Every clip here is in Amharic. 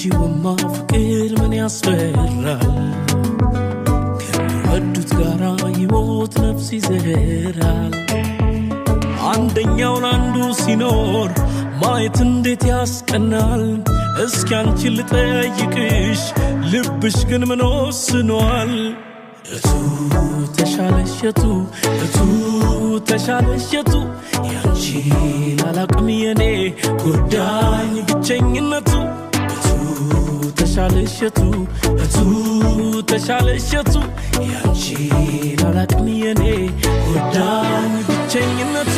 አንቺውማ ፍቅር ምን ያስፈራል? ከሚወዱት ጋራ የሞት ነፍስ ይዘራል። አንደኛውን አንዱ ሲኖር ማየት እንዴት ያስቀናል? እስኪ አንቺን ልጠይቅሽ ልብሽ ግን ምን ወስኗል? እቱ ተሻለሽ እቱ ተሻለሽ የቱ ያንቺን አላቅም የኔ ጎዳኝ ብቸኝነቱ ተሻለሸቱ እቱ ተሻለሸቱ ያቺ ላላቅም የኔ ጎዳኝ ብቸኝነቱ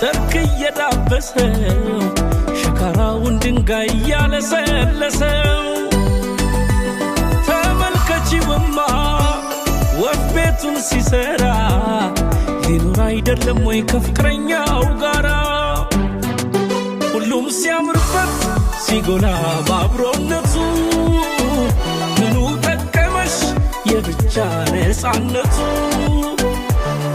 ሰርክ እየዳበሰው ሸካራውን ድንጋይ እያለሰለሰው አንቺውማ ወፍ ቤቱን ሲሰራ ሊኖር አይደለም ወይ ከፍቅረኛው ጋራ ሁሉም ሲያምርበት ሲጎላ በአብሮነቱ ምኑ ጠቀመሽ የብቻ ነፃነቱ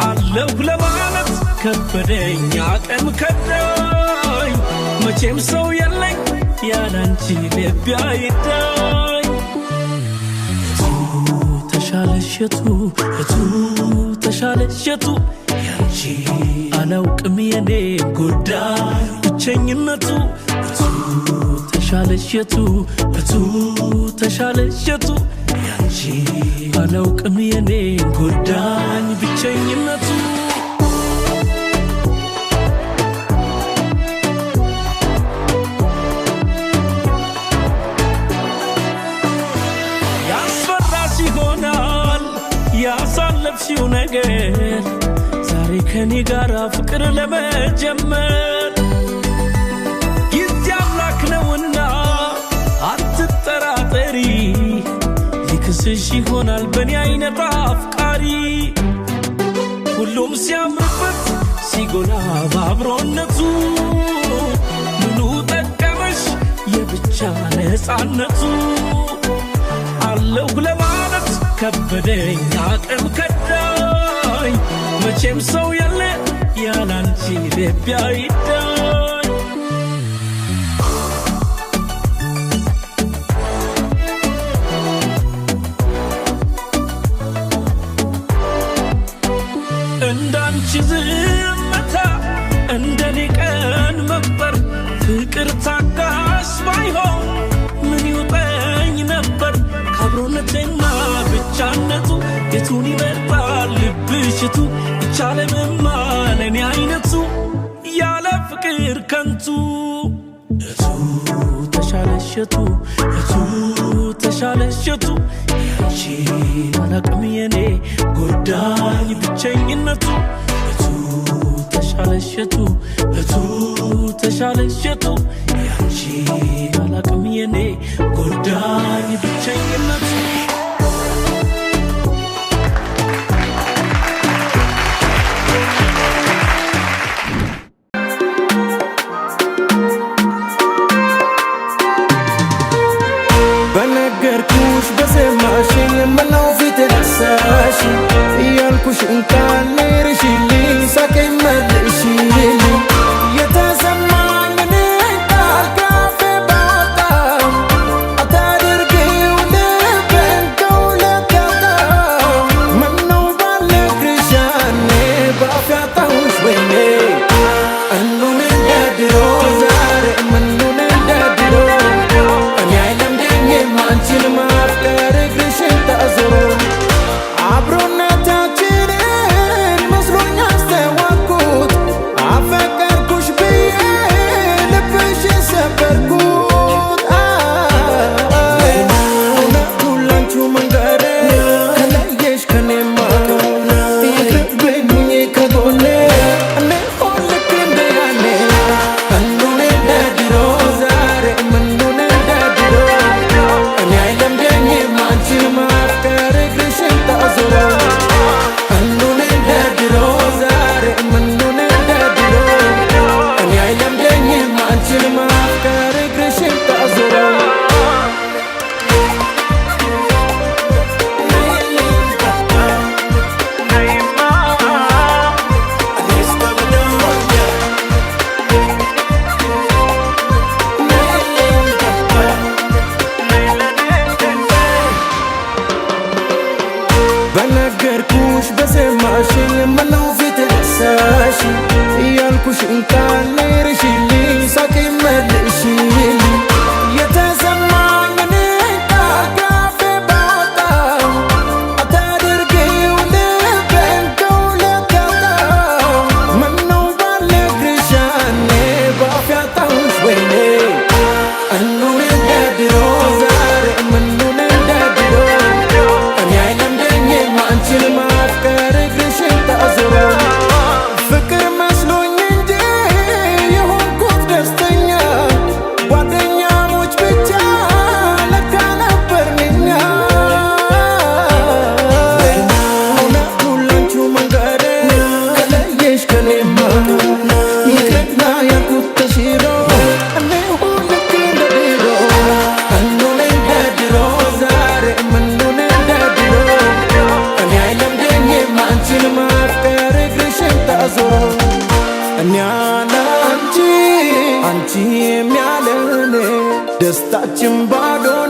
አለሁ ለማለት ከበደኝ አቅም ከዳኝ መቼም ሰው የለኝ ያላንቺ ልቤ አይዳኝ ተሻለሽ የቱ የቱ ተሻለሽ የቱ ያንቺ አላውቅም የኔ ጉዳይ ብቸኝነቱ የቱ ተሻለሽ የቱ የቱ ተሻለሽ የቱ ያንቺ አላውቅም የኔ ጉዳይ ብቸኝነቱ ያሰብሽው ነገር ዛሬ ከኔ ጋር ፍቅር ለመጀመር ጊዜ አምላክ ነውና አትጠራጠሪ፣ ሊክስሽ ይሆናል በእኔ አይነት አፍቃሪ። ሁሉም ሲያምርበት ሲጎላ በአብሮነቱ ምኑ ጠቀመሽ የብቻ ነፃነቱ አለው ለማ ከበደኝ አቅም ከዳኝ መቼም ሰው ያለ ያላንቺ ልቤ አይዳኝ እንዳንቺ ዝምታ እንደኔ የቱን ይመርጣል ልብሽቱ ይቻለምማ ለእኔ አይነቱ ያለ ፍቅር ከንቱ እቱ ተሻለሸቱ እቱ ተሻለሸቱ ያንቺ አላቅም የኔ ጎዳኝ ብቸኝነቱ እቱ ተሻለሸቱ እቱ ተሻለሸቱ ያንቺ አላቅም የኔ ጎዳኝ ብቸኝነቱ um down مش بس ماشي ما لو في تنساشي يالكوش انت اللي Embargo.